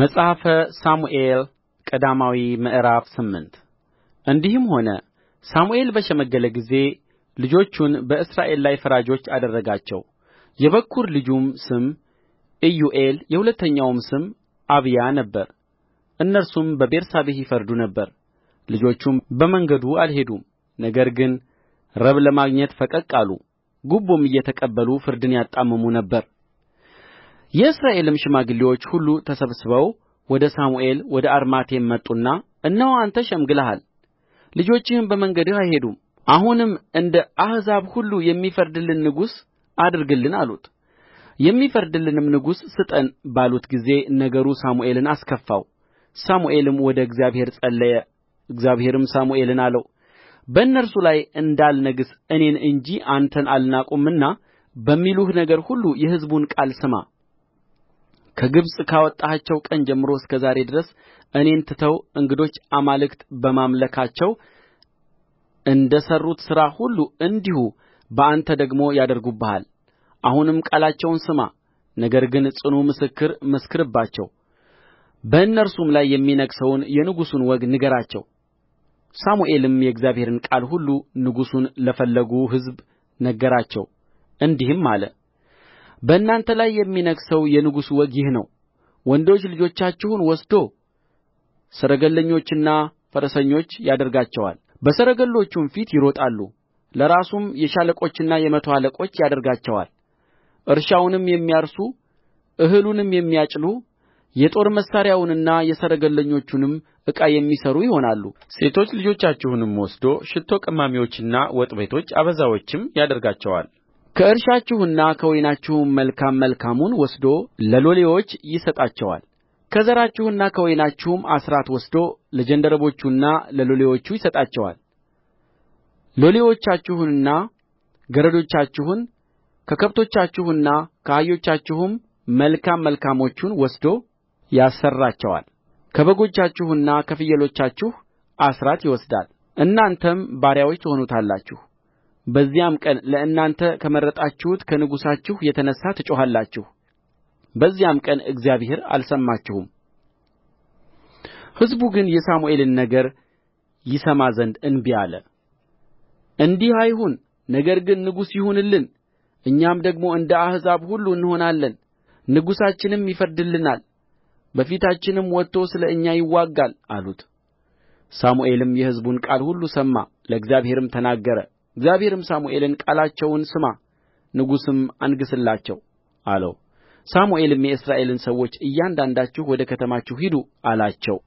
መጽሐፈ ሳሙኤል ቀዳማዊ ምዕራፍ ስምንት እንዲህም ሆነ ሳሙኤል በሸመገለ ጊዜ ልጆቹን በእስራኤል ላይ ፈራጆች አደረጋቸው። የበኵር ልጁም ስም ኢዮኤል የሁለተኛውም ስም አብያ ነበር። እነርሱም በቤርሳቤህ ይፈርዱ ነበር። ልጆቹም በመንገዱ አልሄዱም፣ ነገር ግን ረብ ለማግኘት ፈቀቅ አሉ፣ ጉቦም እየተቀበሉ ፍርድን ያጣምሙ ነበር። የእስራኤልም ሽማግሌዎች ሁሉ ተሰብስበው ወደ ሳሙኤል ወደ አርማቴም መጡና እነሆ አንተ ሸምግለሃል ልጆችህም በመንገድህ አይሄዱም አሁንም እንደ አሕዛብ ሁሉ የሚፈርድልን ንጉሥ አድርግልን አሉት የሚፈርድልንም ንጉሥ ስጠን ባሉት ጊዜ ነገሩ ሳሙኤልን አስከፋው ሳሙኤልም ወደ እግዚአብሔር ጸለየ እግዚአብሔርም ሳሙኤልን አለው በእነርሱ ላይ እንዳልነግሥ እኔን እንጂ አንተን አልናቁምና በሚሉህ ነገር ሁሉ የሕዝቡን ቃል ስማ ከግብፅ ካወጣኋቸው ቀን ጀምሮ እስከ ዛሬ ድረስ እኔን ትተው እንግዶች አማልክት በማምለካቸው እንደ ሠሩት ሥራ ሁሉ እንዲሁ በአንተ ደግሞ ያደርጉብሃል አሁንም ቃላቸውን ስማ ነገር ግን ጽኑ ምስክር መስክርባቸው በእነርሱም ላይ የሚነግሠውን የንጉሡን ወግ ንገራቸው ሳሙኤልም የእግዚአብሔርን ቃል ሁሉ ንጉሡን ለፈለጉ ሕዝብ ነገራቸው እንዲህም አለ በእናንተ ላይ የሚነግሠው የንጉሡ ወግ ይህ ነው ወንዶች ልጆቻችሁን ወስዶ ሰረገለኞችና ፈረሰኞች ያደርጋቸዋል በሰረገሎቹም ፊት ይሮጣሉ ለራሱም የሻለቆችና የመቶ አለቆች ያደርጋቸዋል እርሻውንም የሚያርሱ እህሉንም የሚያጭዱ የጦር መሣሪያውንና የሰረገለኞቹንም ዕቃ የሚሠሩ ይሆናሉ ሴቶች ልጆቻችሁንም ወስዶ ሽቶ ቀማሚዎችና ወጥቤቶች አበዛዎችም ያደርጋቸዋል ከእርሻችሁና ከወይናችሁም መልካም መልካሙን ወስዶ ለሎሌዎች ይሰጣቸዋል ከዘራችሁና ከወይናችሁም አሥራት ወስዶ ለጃንደረቦቹና ለሎሌዎቹ ይሰጣቸዋል ሎሌዎቻችሁንና ገረዶቻችሁን ከከብቶቻችሁና ከአህዮቻችሁም መልካም መልካሞቹን ወስዶ ያሠራቸዋል ከበጎቻችሁና ከፍየሎቻችሁ አሥራት ይወስዳል እናንተም ባሪያዎች ትሆኑታላችሁ በዚያም ቀን ለእናንተ ከመረጣችሁት ከንጉሣችሁ የተነሣ ትጮኻላችሁ በዚያም ቀን እግዚአብሔር አልሰማችሁም ሕዝቡ ግን የሳሙኤልን ነገር ይሰማ ዘንድ እንቢ አለ እንዲህ አይሁን ነገር ግን ንጉሥ ይሁንልን እኛም ደግሞ እንደ አሕዛብ ሁሉ እንሆናለን ንጉሣችንም ይፈርድልናል በፊታችንም ወጥቶ ስለ እኛ ይዋጋል አሉት ሳሙኤልም የሕዝቡን ቃል ሁሉ ሰማ ለእግዚአብሔርም ተናገረ እግዚአብሔርም ሳሙኤልን ቃላቸውን ስማ ንጉሥም አንግሥላቸው አለው ሳሙኤልም የእስራኤልን ሰዎች እያንዳንዳችሁ ወደ ከተማችሁ ሂዱ አላቸው